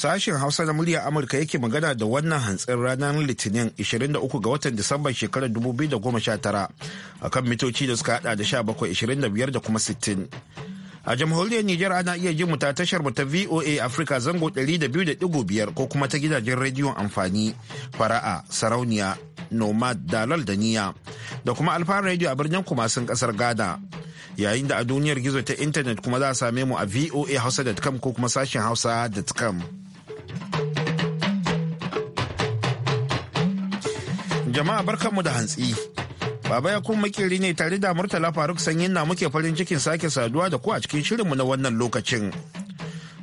Sashen Hausa na murya Amurka yake magana da wannan hantsin ranar Litinin 23 ga watan Disamban shekarar 2019 akan mitoci da suka hada da 1725 da kuma 60. A jamhuriyar niger ana iya jin ta tashar mu ta VOA Africa zango 200.5 ko kuma ta gidajen rediyon amfani fara'a sarauniya nomad dalal da niya da kuma alfa rediyo a birnin kumasin kasar Ghana. yayin da a duniyar gizo ta intanet kuma za a same mu a voa hausa.com ko kuma sashen hausa.com. Jama'a barkanmu da hantsi. Baba ya kuma makeri ne tare da Murtala Faruk Sanyin na muke farin cikin sake saduwa da ku a cikin shirinmu na wannan lokacin.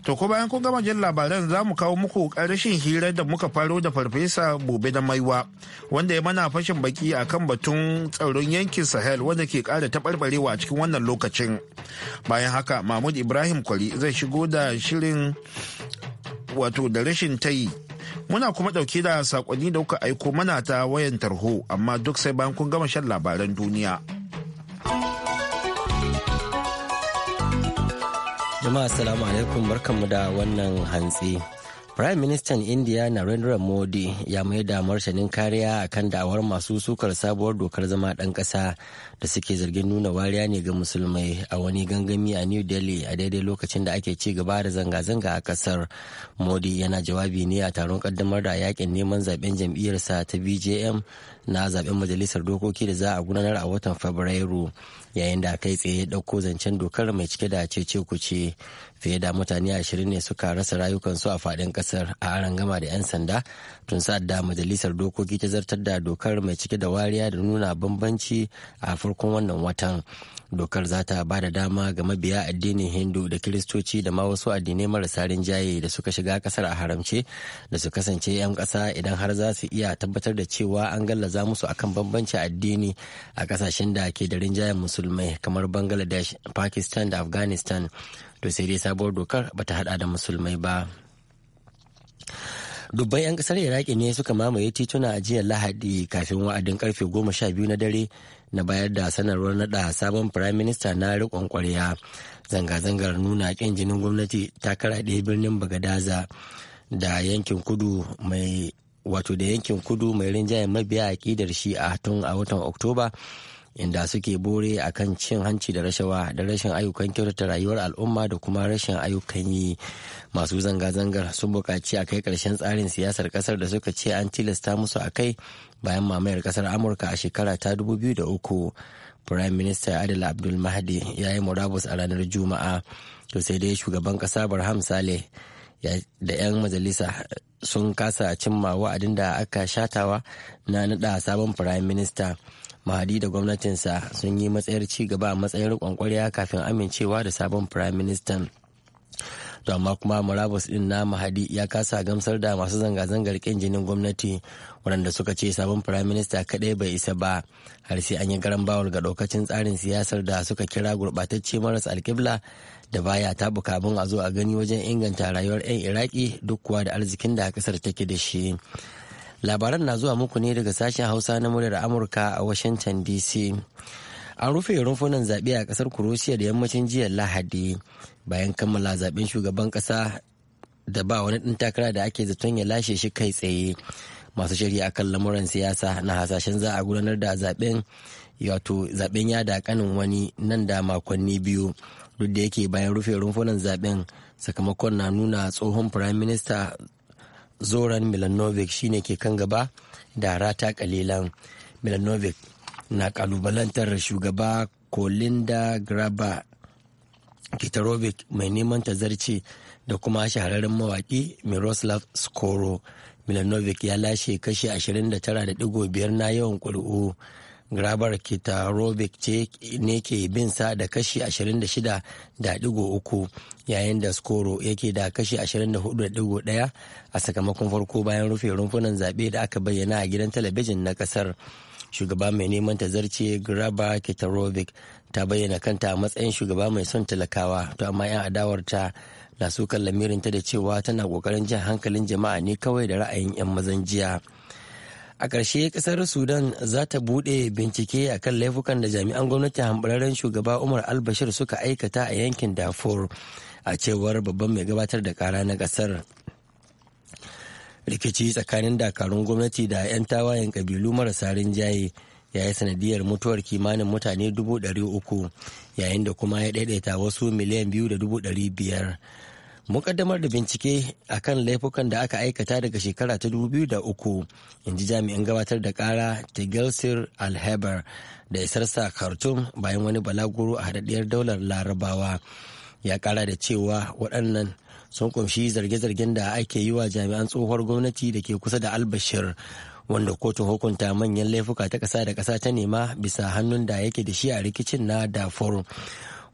To ko bayan kun gama jin labaran za mu kawo muku ƙarashin hirar da muka faro da farfesa Bobe da Maiwa wanda ya mana fashin baki a kan batun tsaron yankin Sahel wanda ke ƙara taɓarɓarewa a cikin wannan lokacin. Bayan haka Mahmud Ibrahim Kwari zai shigo da shirin wato da rashin tayi muna kuma dauke da sakonni da kuka aiko mana ta wayan tarho amma duk sai bayan kun gama shan labaran duniya jama'a assalamu alaikum barkanmu da wannan hantsi Prime Minister India Narendra Modi ya mai da martanin kariya akan da'awar masu sukar sabuwar dokar zama ɗan ƙasa da suke zargin nuna wariya ne ga musulmai a wani gangami a New Delhi a daidai lokacin da ake ci gaba da zanga-zanga a ƙasar. Modi yana jawabi ne a taron ƙaddamar da yakin neman zaben jam'iyyarsa ta BJM na zaben majalisar dokoki da za a gudanar a watan fabrairu yayin da kai tsaye ɗauko zancen dokar mai cike da cece kuce fiye da mutane ashirin ne suka rasa rayukansu a faɗin ƙasar a arangama da 'yan sanda tun sa'ad da majalisar dokoki ta zartar da dokar mai cike da wariya da nuna bambanci a farkon wannan watan dokar za ta ba da dama ga mabiya addinin hindu da kiristoci da ma wasu addinai marasa rinjaye da suka shiga kasar a haramce da su kasance 'yan ƙasa idan har za su iya tabbatar da cewa an gallaza agaza musu kan bambanci addini a kasashen da ke da rinjayen musulmai kamar bangladesh pakistan da afghanistan to sai dai sabuwar dokar bata hada da musulmai ba dubban 'yan kasar iraki ne suka mamaye tituna a jiya lahadi kafin wa'adin karfe goma sha biyu na dare na bayar da sanarwar nada sabon firaminista na rikon kwarya zanga-zangar nuna kin jinin gwamnati ta karaɗe birnin bagadaza da yankin kudu mai wato da yankin kudu mai rinjayen mabiya a aƙidar shi a tun a watan oktoba inda suke bore a kan cin hanci da rashawa da rashin ayyukan kyautata rayuwar al'umma da kuma rashin ayyukan yi masu zanga-zangar sun buƙaci a kai ƙarshen tsarin siyasar ƙasar da suka ce an tilasta musu a kai bayan mamayar ƙasar amurka a shekara ta 2003 prime minister adil abdul mahdi ya yi murabus a ranar juma'a to sai dai shugaban ƙasa barham saleh da 'yan majalisa sun kasa cimma wa'adin da aka shatawa na naɗa sabon firayim minista mahadi da gwamnatinsa sun yi matsayar ci gaba a matsayin kwankwarya kafin amincewa da sabon firayim ministan to amma kuma murabus din na mahadi ya kasa gamsar da masu zanga-zangar kin jinin gwamnati waɗanda suka ce sabon firaminista kaɗai bai isa ba har sai an yi garan bawul ga ɗaukacin tsarin siyasar da suka kira gurɓatacce maras alkibla da baya ta bukabun a zo a gani wajen inganta rayuwar 'yan iraki duk kuwa da arzikin da kasar take da shi labaran na zuwa muku ne daga sashen hausa na muryar amurka a washington dc an rufe rumfunan zaɓe a ƙasar kuroshiya da yammacin jiya lahadi bayan kammala zaɓen shugaban ƙasa da ba wani ɗin takara da ake zaton ya lashe shi kai tsaye masu shari'a akan lamuran siyasa na hasashen za a gudanar da zaɓen wato zaɓen da kanin wani nan da makonni biyu duk da yake bayan rufe rumfunan zaben sakamakon na nuna tsohon prime minister zoran milanovic shine ke kan gaba da rata kalilan milanovic na kalubalantar shugaba kolinda graba kitarovic mai neman tazarce da kuma shahararren mawaki miroslav skoro milanovic ya lashe kashi 29.5 na yawan ƙuri'u grabar kita Rovic ce ne ke bin sa da kashi 26 da digo yayin da skoro yake da kashi 24.1 a sakamakon farko bayan rufe rumfunan zaɓe da aka bayyana a gidan talabijin na ƙasar shugaba mai neman tazarce graba kitarovic ta bayyana kanta a matsayin shugaba mai son talakawa to amma 'yan adawarta na sukan lamirinta da cewa tana kokarin jan hankalin jama'a ne kawai da ra'ayin 'yan mazan jiya. a ƙarshe ƙasar sudan za ta buɗe bincike a kan laifukan da jami'an gwamnati hambararren shugaba umar albashir suka aikata a yankin darfur a cewar babban mai gabatar da kara na ƙasar rikici tsakanin dakarun gwamnati da 'yan tawayen ƙabilu marasa rinjaye ya yi sanadiyar mutuwar kimanin mutane dubu yayin da kuma ya ɗaiɗaita wasu miliyan biyu da dubu muƙaddamar da bincike a kan laifukan da aka aikata daga shekara ta 2003 in ji jami'in gabatar da kara tegelsir alheber da isar isarsa khartoum bayan wani balaguro a hadaddiyar daular larabawa ya kara da cewa waɗannan sun kunshi zarge-zargen da ake yi wa jami'an tsohuwar gwamnati da ke kusa da albashir wanda kotun hukunta manyan laifuka ta ƙasa da ƙasa ta nema bisa hannun da yake da shi a rikicin na darfur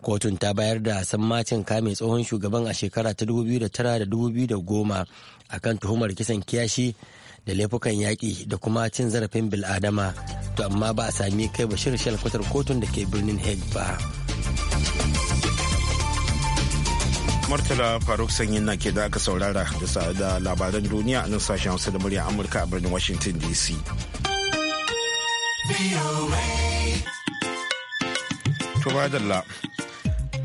kotun ta bayar da sammacin kame tsohon shugaban a shekara ta 2009 da 2010 akan tuhumar kisan kiyashi da laifukan yaƙi da kuma cin zarafin bil'adama to amma ba a sami kai ba bashir shalkwatar kotun da ke birnin hague ba martala faruk sanyi na ke da aka saurara da labaran duniya a nan sashen hausa da murya amurka a birnin washington dc to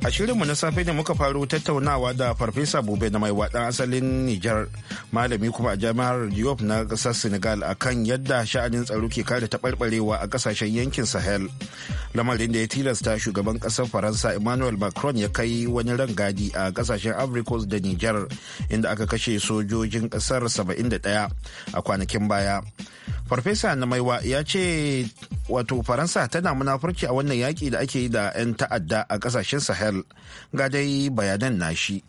a shirinmu na safe da muka faro tattaunawa da farfesa bube na mai waɗan asalin niger malami kuma a jami'ar diop na ƙasar senegal akan yadda sha'anin tsaro ke kare taɓarɓarewa a ƙasashen yankin sahel lamarin da ya tilasta shugaban ƙasar faransa emmanuel macron ya kai wani rangadi a ƙasashen africos da niger inda aka kashe sojojin ƙasar 71 a kwanakin baya farfesa na maiwa ya ce wato faransa tana munafurci a wannan yaƙi da ake yi da 'yan ta'adda a ƙasashen sahel ga dai bayanan nashi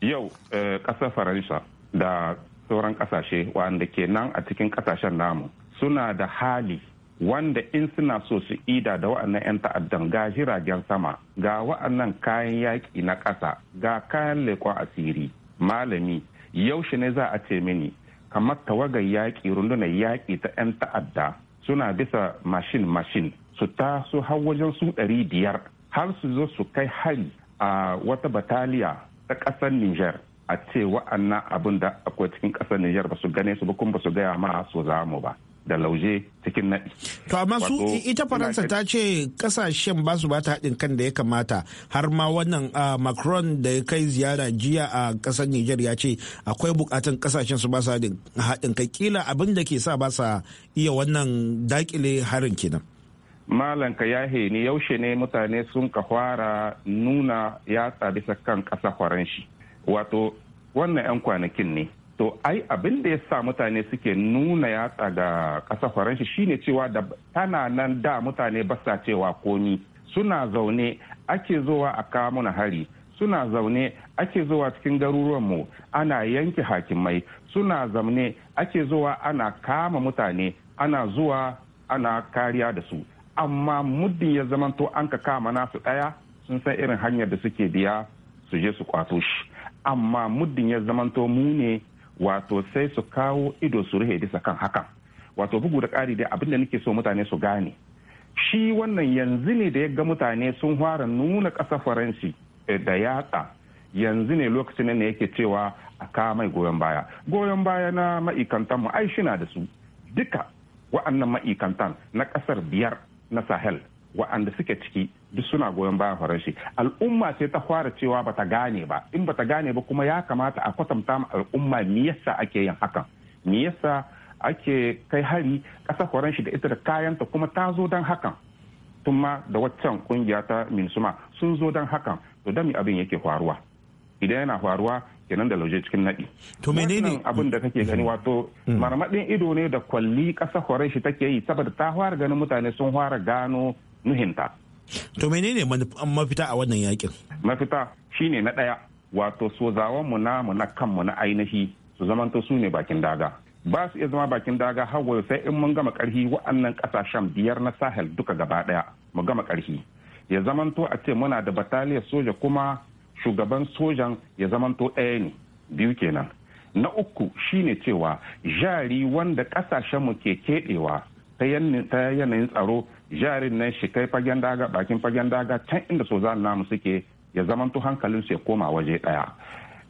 yau eh, ƙasar faransa da sauran ƙasashe wanda ke nan a cikin ƙasashen namu suna da hali wanda in suna so su ida da wa'annan 'yan ta'addan ga jiragen sama ga wa'annan kayan yaƙi na ƙasa ga kayan leƙon asiri malami yaushe ne za a ce mini kamar tawagar yaƙi rundunar yaƙi ta 'yan ta'adda suna bisa mashin mashin su taso har wajen su ɗari biyar har su zo su kai hari a wata bataliya ta ƙasar nijar a ce wa'annan abin da akwai cikin ƙasar nijar ba su gane su ba kuma ba su gaya ma su zamu ba. da lauje cikin nadi. To amma su ita Faransa ta ce kasashen ba su bata haɗin kan da ya kamata har ma wannan Macron da ya kai ziyara jiya a ƙasar Nijar ya ce akwai bukatan kasashen su ba su haɗin kai kila abin da ke sa ba sa iya wannan dakile harin kenan. Malam ka yahe ni yaushe ne mutane sun ka fara nuna yatsa bisa kan ƙasa faranshi. Wato wannan 'yan kwanakin ne. to ai abin da ya sa mutane suke nuna yatsa ga ƙasa faransa shine cewa da tana nan da mutane ba sa cewa komi suna zaune ake zuwa a kawo na hari suna zaune ake zuwa cikin garuruwan garuruwanmu ana yanke hakimai suna zaune ake zuwa ana kama mutane ana zuwa ana kariya da su amma muddin ya zamanto an ka kama nasu ɗaya sun san irin hanyar da suke biya su je su kwato shi amma muddin ya zamanto mu ne wato sai su kawo ido su rufe bisa kan hakan wato bugu da ƙari dai abinda nake so mutane su gane shi wannan yanzu ne da ya ga mutane sun fara nuna ƙasa faransi eh, da yatsa yanzu ne lokacin ne yake cewa a kawo mai goyon baya goyon baya na ma'ikantan mu ai shina da su duka wa'annan ma'ikantan na ƙasar biyar na sahel wa'anda suke ciki duk suna goyon bayan faranshi al'umma sai ta fara cewa bata gane ba in bata gane ba kuma ya kamata a kwatanta ma al'umma me yasa ake yin hakan me yasa ake kai hari ƙasar faranshi da ita da kayanta kuma ta zo don hakan tumma da waccan kungiya ta minsuma sun zo don hakan to da mi abin yake faruwa idan yana faruwa kenan da lauje cikin naɗi. To menene abin da kake gani wato mm. marmaɗin ido ne da kwalli kasa horon take yi saboda ta fara ganin mutane sun fara gano nuhinta. To menene mafita a wannan yakin? Mafita shine na ɗaya wato so mu na mu na kanmu na ainihi su zamanto su ne bakin daga. Ba su iya zama bakin daga har sai in mun gama karhi wa'annan ƙasashen biyar na Sahel duka gaba ɗaya mu gama karhi. Ya zamanto a ce muna da bataliyar soja kuma shugaban sojan ya zamanto ɗaya ne biyu kenan. Na uku shine cewa jari wanda mu ke keɗewa ta yanayin tsaro jarin nan shi kai fagen daga bakin fagen daga can inda sojojin namu suke ya zamanto hankalin su ya koma waje daya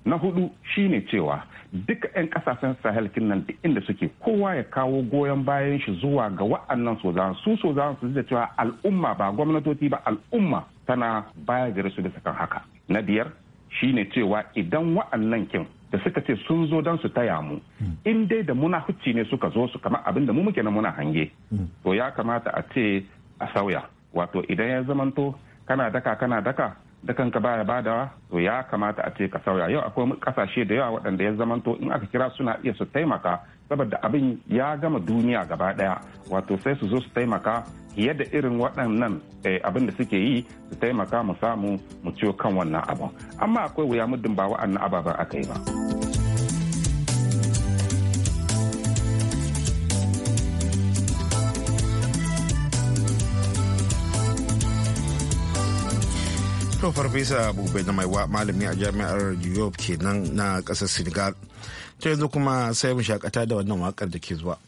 na hudu shine cewa duka 'yan kasashen sahel nan duk inda suke kowa ya kawo goyon bayan shi zuwa ga wa'annan sojan su sojan su da cewa al'umma ba gwamnatoci ba al'umma tana baya gare su da sakan haka na biyar shine cewa idan wa'annan kin da suka ce sun zo don su taya mu in dai da muna hucci ne suka zo su kama abin da mu muke na muna hange to ya kamata a ce a sauya wato idan ya zamanto kana daka kana daka da kanka baya badawa to ya kamata a ce ka sauya yau akwai kasashe da yawa waɗanda ya zamanto in aka kira suna iya su taimaka saboda abin ya gama duniya gaba daya wato sai su zo su taimaka fiye da irin waɗannan eh, abin da suke yi su taimaka mu samu mu ciyo kan wannan abin amma akwai wuya muddin ba wa'annan ababen aka yi ba. to farfesa abubai na maiwa malami a jami'ar europe kenan na ƙasar senegal ta yanzu kuma sai mu shakata da wannan wakar da ke zuwa.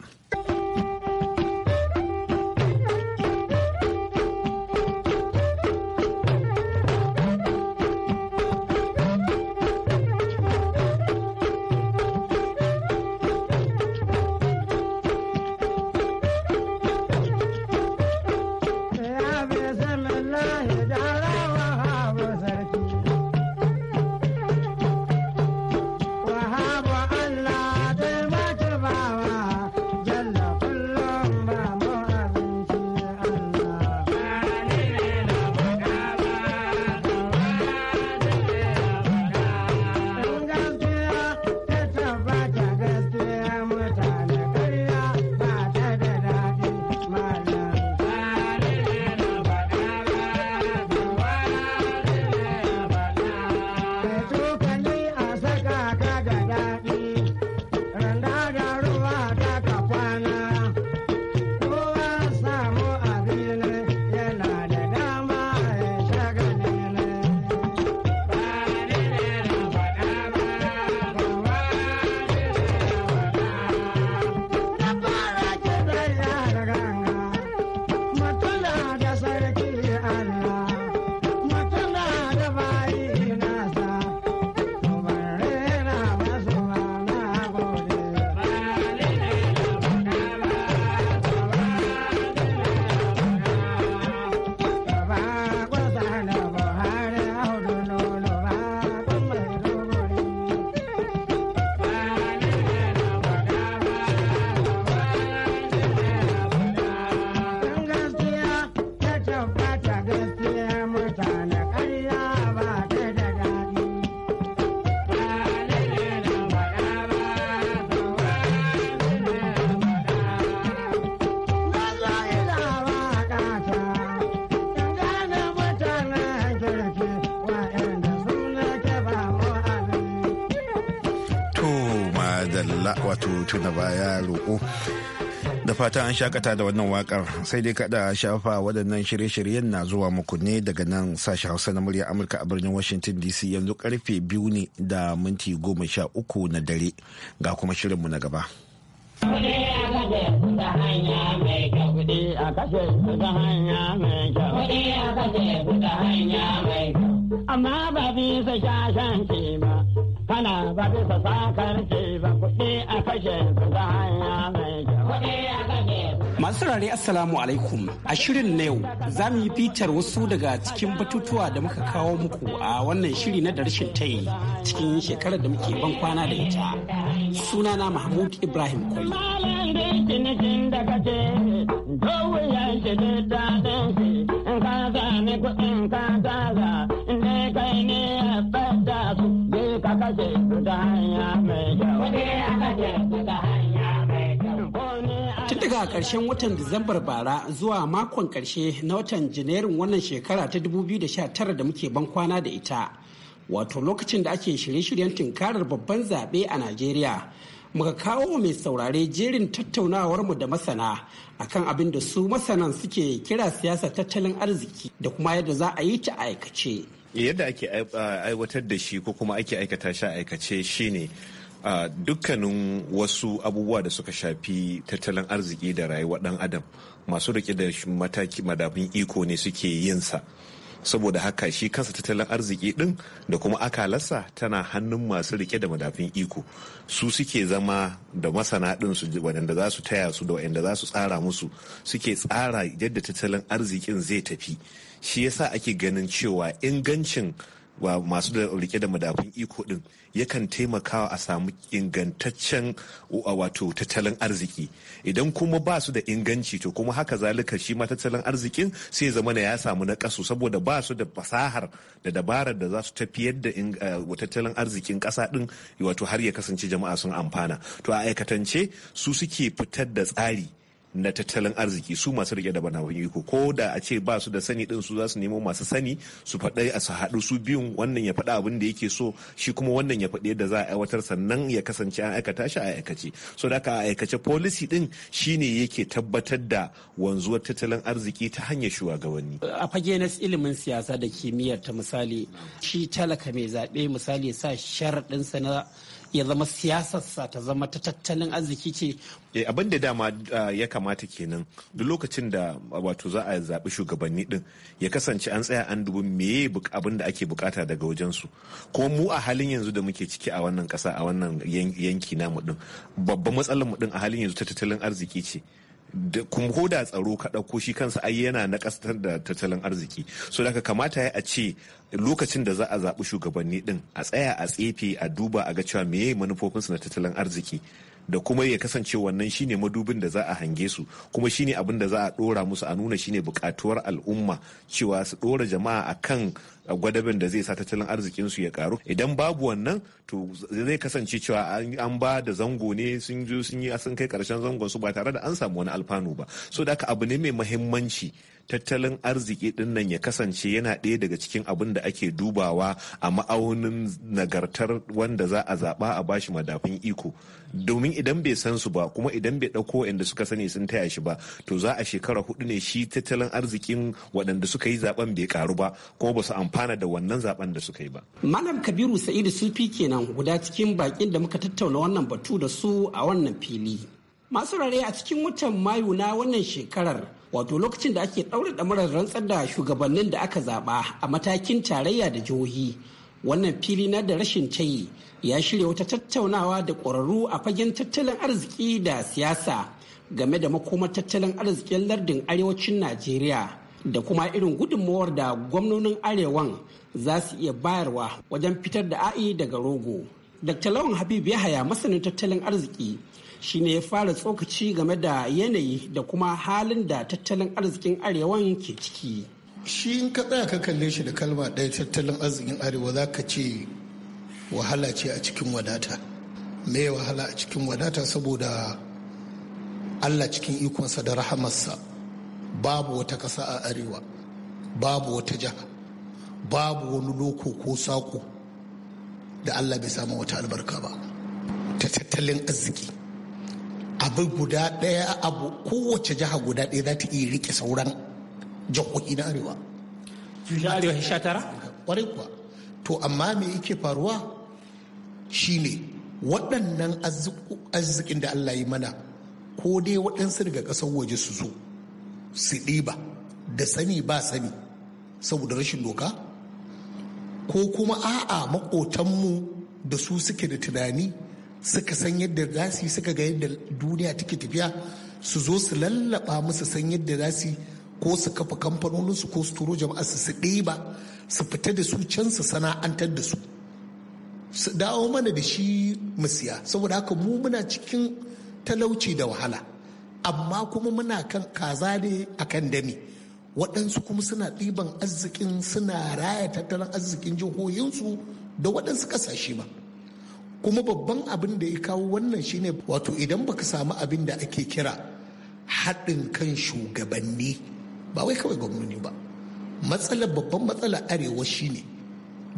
da fata an shakata da wannan wakar sai dai kada shafa waɗannan shirye-shiryen na zuwa muku ne daga nan sashi hausa na murya amurka a birnin washington dc yanzu karfe biyu ne da minti goma sha uku na dare ga kuma shirinmu na gaba amma ba bisa ba kana ba sa kan ce ba kuɗi a kashe su ta hanya mai kyau. Masu rari Assalamu alaikum a shirin na yau za mu yi fitar wasu daga cikin batutuwa da muka kawo muku a wannan shiri na darshin ta tayi cikin shekarar da muke ban kwana da ita. Sunana Mahmud Ibrahim Kwai. Ka kuɗin ne a kashe ta hanya mai kyau. ta hanya mai Tun daga ƙarshen watan Disambar bara zuwa makon ƙarshe na watan Janairun wannan shekara ta 2019 da muke ban kwana da ita. Wato lokacin da ake shirye-shiryen tunkarar babban zaɓe a Najeriya. muka kawo mai saurare jerin tattaunawarmu da masana akan abin da su masanan suke kira siyasa tattalin arziki da kuma yadda za a yi ta aikace. yadda ake aiwatar da shi ko kuma ake aikata shi aikace shine ne dukkanin wasu abubuwa da suka shafi tattalin arziki da rayuwa dan adam masu rike da mataki madafin iko ne suke yinsa saboda haka shi kansa tattalin arziki din da kuma akalarsa tana hannun masu rike da madafin iko su suke zama da masana din su wadanda za su taya su da wadanda za su tsara musu suke tsara yadda tattalin arzikin zai tafi shi yasa ake ganin cewa ingancin wa masu da rike da madafun iko din yakan taimakawa a samu ingantaccen wato tattalin arziki idan kuma ba su da inganci to kuma haka zalika shi ma tattalin arzikin sai zama na ya samu na kasu saboda ba su da fasahar da dabarar da za su tafiyar da eh, tattalin arzikin kasa din wato har ya kasance jama'a sun amfana to a aikatance su suke fitar da tsari na tattalin arziki su masu rike da madafun iko ko da a ce ba su da sani din su za su nemo masu sani su faɗa a su haɗu su biyun wannan ya faɗa abin da yake so shi kuma wannan ya faɗi da za a aiwatar sannan ya kasance an aikata shi a aikace so da a aikace policy din shine yake tabbatar da wanzuwar tattalin arziki ta hanyar shugabanni a fage na ilimin siyasa da kimiyyar ta misali shi talaka mai zaɓe misali sa sharaɗinsa na ya zama siyasarsa ta zama ta tattalin arziki ce. Eh, abin da dama ah, ya kamata kenan duk lokacin da ah, wato za a zaɓi shugabanni din ya kasance an tsaya an dubi meye abin da ake bukata daga wajensu kuma mu a halin yanzu da muke ciki a wannan ƙasa a wannan yanki namu din babban matsalar mu din a halin yanzu ta tattalin arziki ce da kumho da tsaro ka ɗauko shi kansa ai yana na ƙasar da tattalin arziki so da kamata ya a ce lokacin da za a zaɓi shugabanni ɗin a tsaya a tsefe a duba a ga cewa meye manufofinsu na tattalin arziki da kuma ya kasance wannan shine madubin da za a hange su kuma shine abin da za a dora musu a nuna shine bukatuwar al'umma cewa su dora jama'a a kan gwadabin da zai sa tattalin arzikin su ya karu idan babu wannan to zai kasance cewa an ba da zango ne sun sun yi sun kai karshen zangon su ba tare da an samu wani alfanu ba so da haka abu ne mai mahimmanci tattalin arziki dinnan ya kasance yana ɗaya daga cikin abin da ake dubawa a ma'aunin nagartar wanda za a zaɓa a bashi madafin iko domin idan bai san su ba kuma idan bai ɗauko waɗanda suka sani sun taya shi ba to za a shekara hudu ne shi tattalin arzikin waɗanda suka yi zaben bai karu ba kuma ba su amfana da wannan zaben da suka yi ba. Malam Kabiru Sa'idu Sufi kenan guda cikin bakin da muka tattauna wannan batu da su a wannan fili. Masu rare a cikin watan Mayu na wannan shekarar wato lokacin da ake ɗaure ɗamarar rantsar da shugabannin da aka zaɓa a matakin tarayya da jihohi wannan fili na da rashin tayi ya shirya wata tattaunawa da ƙwararru a fagen tattalin arziki da siyasa game da makomar tattalin arzikin lardin arewacin najeriya da kuma irin gudunmawar da gwamnonin arewan za su iya bayarwa wajen fitar da a'i daga rogo dr lawan habib yahaya masanin tattalin arziki shine ya fara tsokaci game da yanayi da kuma halin da tattalin arzikin arewan ke ciki shi in ka tsaya ka kalle shi da kalma ɗaya tattalin arzikin arewa za ka ce wahala ce a cikin wadata me wahala a cikin wadata saboda allah cikin ikonsa da rahamarsa babu wata ƙasa a arewa babu wata jiha babu wani loko ko sako da allah bai samu wata albarka ba ta tattalin arziki abu guda ɗaya abu kowace jiha guda ɗaya za ta iya rike sauran jihohi na arewa na arewa sha tara kwarai kuwa to amma me yake faruwa shine waɗannan arzikin da allah yi mana ko dai waɗansu daga ƙasar waje su zo su ɗiba da sani ba sani saboda rashin doka ko kuma a'a maƙotanmu da su suke da tunani suka san yadda za su yi suka ga yadda duniya take tafiya su zo su lallaba musu san yadda za su ko su kafa kamfanoninsu ko su turo jama'a su su su fita da su can su sana'antar da su su dawo mana da shi mu siya saboda haka mu muna cikin talauci da wahala amma kuma muna kan kaza ne a kan dami waɗansu kuma suna ɗiban arzikin suna raya tattalin arzikin jihohinsu da waɗansu ƙasashe ba. kuma babban abin da ya kawo wannan shine wato idan baka samu abin da ake kira haɗin kan shugabanni ba wai kawai gwamnoni ba matsalar babban matsalar arewa shine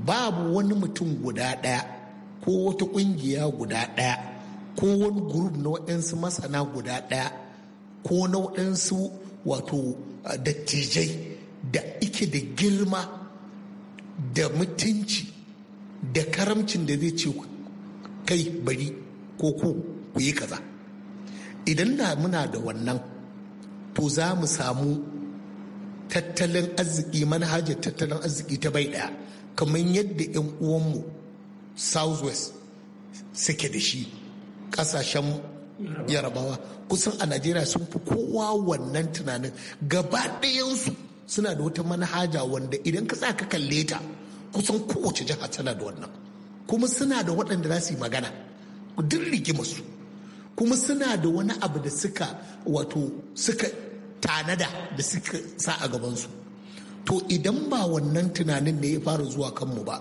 babu wani mutum guda ɗaya ko wata ƙungiya guda ɗaya ko wani gurub na waɗansu masana guda ɗaya ko na waɗansu wato dattijai da ike da girma da mutunci da karamcin da zai ce kai bari ko ku ku yi kaza idan da muna da wannan to za mu samu tattalin arziki manhajar tattalin arziki ta bai daya kamar yadda 'yan uwanmu southwest suke da shi kasashen yarabawa kusan a najeriya sun fi kowa wannan tunanin gaba ɗayansu suna da wata manhaja wanda idan ka sa ka kalle ta kusan kowace jiha tana da wannan kuma suna da waɗanda za su yi magana duk su kuma suna da wani abu da suka wato suka tanada da suka sa a gabansu to idan ba wannan tunanin ne ya fara zuwa kanmu ba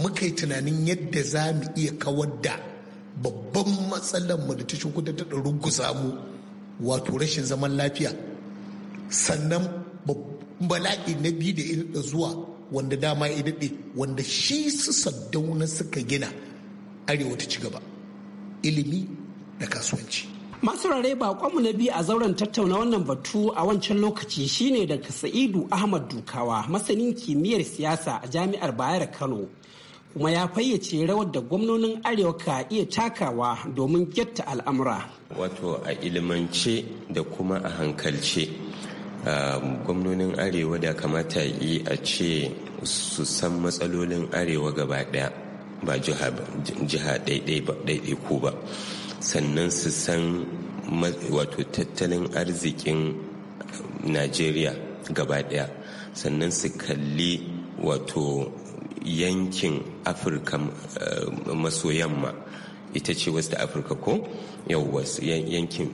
muka yi tunanin yadda za mu iya kawar da babban matsalar mu da ta shukuta ta rugusa mu wato rashin zaman lafiya sannan bala'i na biyu da zuwa wanda dama ya daɗe wanda shi su saddauna suka gina arewa ta ci gaba ilimi da kasuwanci masu rare bakonmu na biyu a zauren tattauna wannan batu a wancan lokaci shine daga sa'idu ahmad dukawa masanin kimiyyar siyasa a jami'ar bayar kano kuma ya fayyace rawar da gwamnonin arewa ka iya takawa domin getta al'amura wato a ilimance da kuma a hankalce gwamnonin arewa da kamata yi a ce su san matsalolin arewa gaba daya ba jiha daidai ko ba sannan su san wato tattalin arzikin najeriya gaba daya sannan su kalli wato yankin afirka eh, maso yamma ita ce west afirka ko yauwa yankin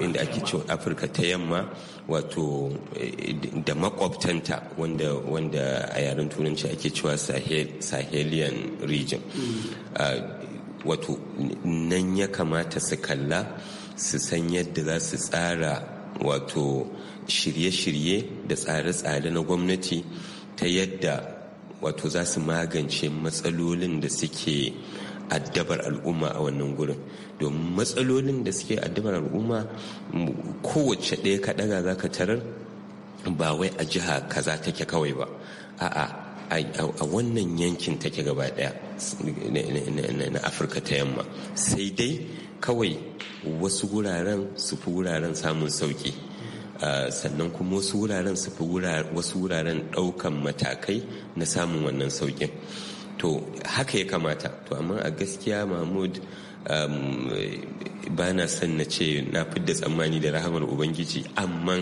inda ake cewa afirka ta yamma wato eh, da makwabtanta wanda, a yaren turanci ake cewa sahelian region mm. ah, wato nan ya kamata su kalla su san yadda za su tsara wato shirye-shirye da tsare-tsare na gwamnati ta yadda wato za su magance matsalolin da suke addabar al'umma a wannan gurin domin matsalolin da suke addabar al'umma kowace ɗaya ka ɗaga za ka tarar ba wai a jiha kaza take kawai ba a'a a wannan yankin take gaba ɗaya na afirka ta yamma sai dai kawai wasu wuraren su fi wuraren samun sauki sannan kuma wasu wuraren su fi wasu wuraren ɗaukan matakai na samun wannan sauƙin to haka ya kamata to amma a gaskiya mahmud um, ba na son na ce na fidda tsammani da rahamar ubangiji amma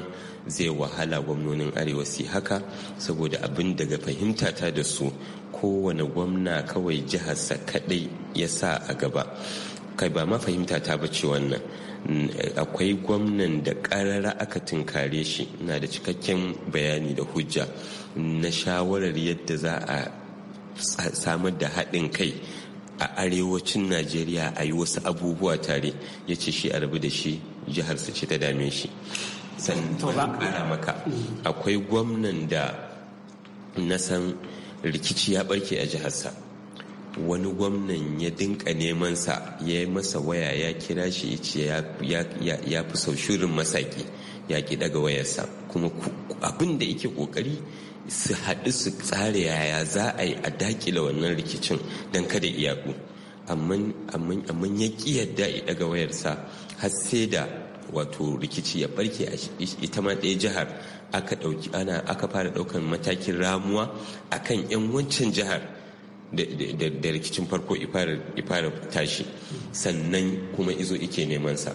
zai wahala gwamnonin arewa su haka saboda abin daga fahimtata da su kowane gwamna kawai jiharsa kadai ya sa a gaba kai ba ma fahimtata ba ce wannan akwai gwamnan da karara aka tunkare shi na da cikakken bayani da hujja na shawarar yadda za a samar da haɗin kai a arewacin najeriya a yi wasu abubuwa tare ya ce shi a rabu da shi jiharsa ce ta dame shi sannan ƙara mm. akwai gwamnan da na san rikici ya barke a jiharsa wani gwamnan ya dinka nemansa ya yi masa waya ya kira shi ya ce ya fi sau shirin masaki ya ki daga wayarsa kuma abinda da yake ƙoƙari. su haɗu su tsara yaya za a yi a dakila wannan rikicin don kada iyaku amma ya ƙi yadda ya ɗaga wayarsa har sai da wato rikici ya barke a ita ma ɗaya jihar aka ɗauki ana aka fara ɗaukan matakin ramuwa akan 'yan wancan jihar da rikicin farko fara tashi sannan kuma izo ike neman sa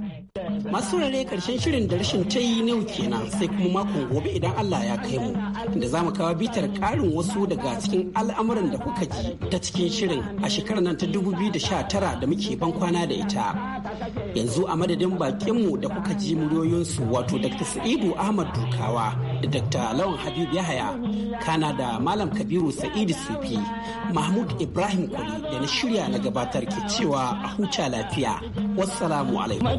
masu rare karshen shirin da rashin ta yi nau kenan sai kuma makon gobe idan Allah ya kai mu da za mu kawo bitar karin wasu daga cikin al'amuran da kuka ji ta cikin shirin a shekarar nan ta 2019 da muke ban kwana da ita yanzu a madadin bakinmu da kuka ji muryoyinsu wato Dr. Sa'idu Ahmad Dukawa da Dr. Lawan Habib Yahaya, kana da Malam Kabiru Sa'idu Sufi, Mahmud Ibrahim Kwali da na shirya na gabatar ke cewa a huta lafiya. Wassalamu alaikum.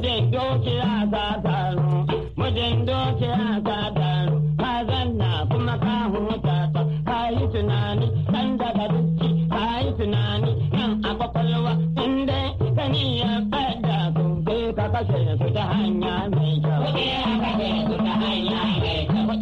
kashe su ta hanya mai kyau. Kuɗi a kashe su ta hanya mai kyau.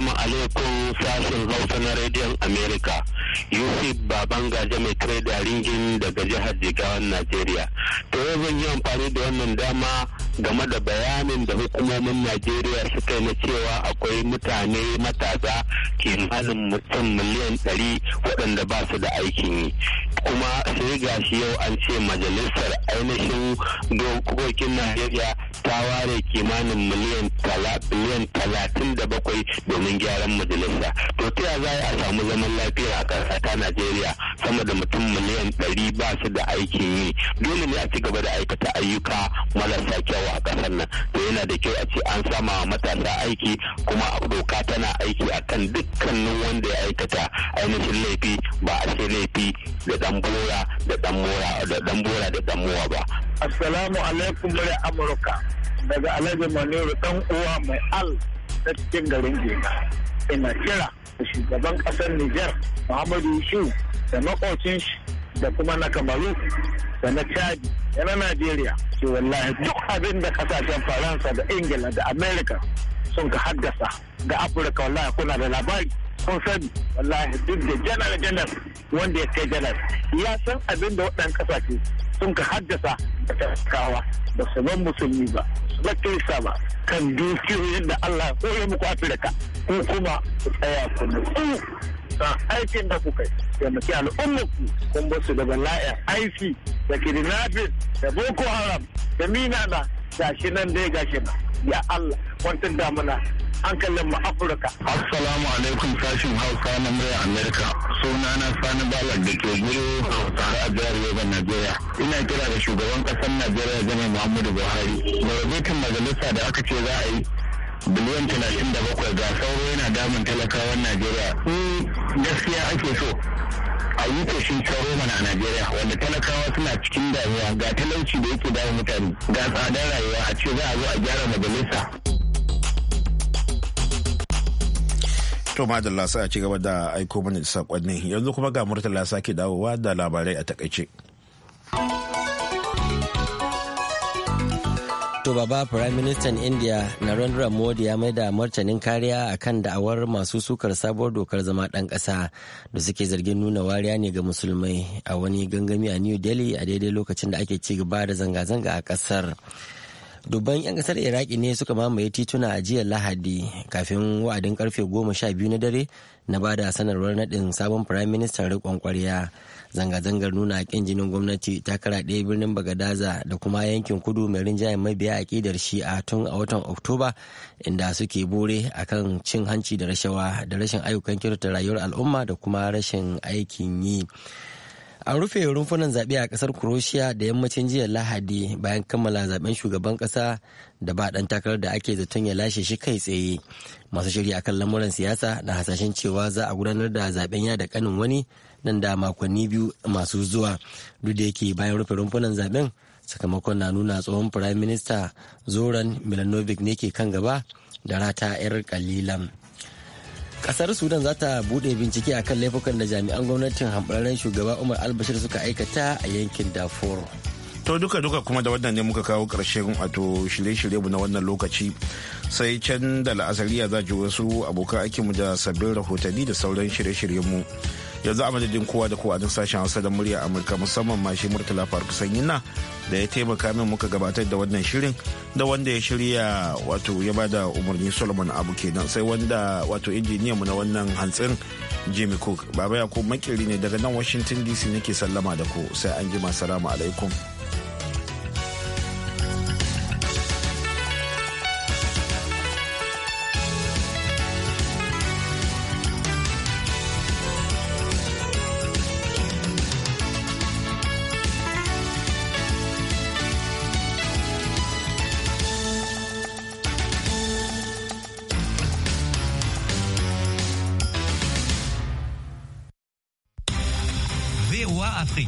Assalamu alaikum sashen Hausa na rediyon Amerika. Yusuf Baban Gaje mai kira da ringin daga jihar Jigawan Najeriya. To yau zan yi amfani da wannan dama game da bayanin da hukumomin Najeriya suka yi na cewa akwai mutane matasa kimanin mutum miliyan ɗari waɗanda ba su da aikin yi. Kuma sai gashi yau an ce majalisar ainihin dokokin Najeriya ta ware kimanin miliyan talatin da bakwai domin gyaran majalisa to ta ya za a samu zaman lafiya a ƙasa ta najeriya sama da mutum miliyan ɗari ba su da aikin yi dole ne a ci gaba da aikata ayyuka marasa kyau a ƙasar nan to yana da kyau a ce an sama wa matasa aiki kuma doka tana aiki a kan dukkanin wanda ya aikata ainihin laifi ba a ce laifi da ɗan bora da ɗan mora da ɗan bora da ɗan mowa ba Assalamu alaikum bari Amurka daga Alhaji Maniru dan uwa mai al ta cikin garin Jega. Ina kira da shugaban ƙasar Nijar Muhammadu Yusu da makocin shi da kuma na Kamaru da na Chadi da na Najeriya. Ke wallahi duk abin da ƙasashen Faransa da Ingila da Amerika sun ka haddasa ga Afirka wallahi kuna da labari. sun sani wallahi duk da janar janar wanda ya kai janar ya san abin da waɗannan kasashe sun ka haddasa da talakawa da su ban musulmi ba su ba kirista ba kan dukiyoyin da Allah ya koya muku afirka ko kuma su tsaya ku nutsu san aikin da kai. yi taimaki al'ummar ku kun basu daga la'ayar aiki da kidnapping da boko haram da minana gashi nan dai gashi nan ya Allah wancan damuna hankalin mu Afirka. Assalamu alaikum sashin Hausa na murya Amerika. Sunana Sani Bala da ke gure tare a jihar Yoruba Najeriya. Ina kira da shugaban ƙasar Najeriya Jami Muhammadu Buhari. Da majalisa da aka ce za a yi biliyan talatin da bakwai ga sauro yana damun talakawan Najeriya. Ni eh, gaskiya ake so yi kashin mana a Najeriya wanda talakawa suna cikin damuwa ga talauci da yake dawo mutane ga tsadar rayuwa a ce za a zo a gyara majalisa. To madalla sai a ci gaba da aiko mana da saƙonni yanzu kuma ga murtala sake dawowa da labarai a takaice. To baba Prime Minister India Narendra Modi ya maida martanin kariya akan da'awar masu sukar sabuwar dokar zama ɗan ƙasa da suke zargin nuna wariya ne ga musulmai a wani gangami a New Delhi a daidai lokacin da ake ci da zanga-zanga a ƙasar. dubban 'yan kasar iraki ne suka mamaye tituna a jiya lahadi kafin wa'adin karfe goma sha biyu na dare na ba da sanarwar nadin sabon firaministan rikon kwarya zanga-zangar nuna ƙin jinin gwamnati ta kara karaɗe birnin bagadaza da kuma yankin kudu mai rinjayen mabiya a shi a tun a watan oktoba inda suke bore akan cin hanci da rashawa da rashin ayyukan kirta rayuwar al'umma da kuma rashin aikin yi an rufe rumfunan zaɓe a ƙasar croatia da yammacin jiya lahadi bayan kammala zaben shugaban ƙasa da ba ɗan takarar da ake zaton ya lashe shi kai tsaye masu shirya akan lamuran siyasa na hasashen cewa za a gudanar da zaben ya da kanin wani nan da makonni biyu masu zuwa duk da yake bayan rufe rumfunan zaben sakamakon na nuna tsohon firayim minista zoran milanovic ne ke kan gaba da rata 'yar kalilan kasar sudan za ta bude bincike akan laifukan da jami'an gwamnatin hambararren shugaba umar albashir suka aikata a yankin darfur to duka duka kuma da wannan ne muka kawo karshen wato shirye-shirye mu na wannan lokaci sai can da la'asariya za ji wasu abokan aikinmu da sabbin rahotanni da sauran shirye-shiryen mu yanzu a madadin kowa da kowa duk sashen hausa da murya amurka musamman ma shi murtala faruk sanyin na da ya taimaka min muka gabatar da wannan shirin da wanda ya shirya wato ya da umarni solomon abu kenan sai wanda wato injiniya mu na wannan hantsin jimmy cook baba ya ko makiri ne daga nan washington dc nake sallama da ku sai an jima salamu alaikum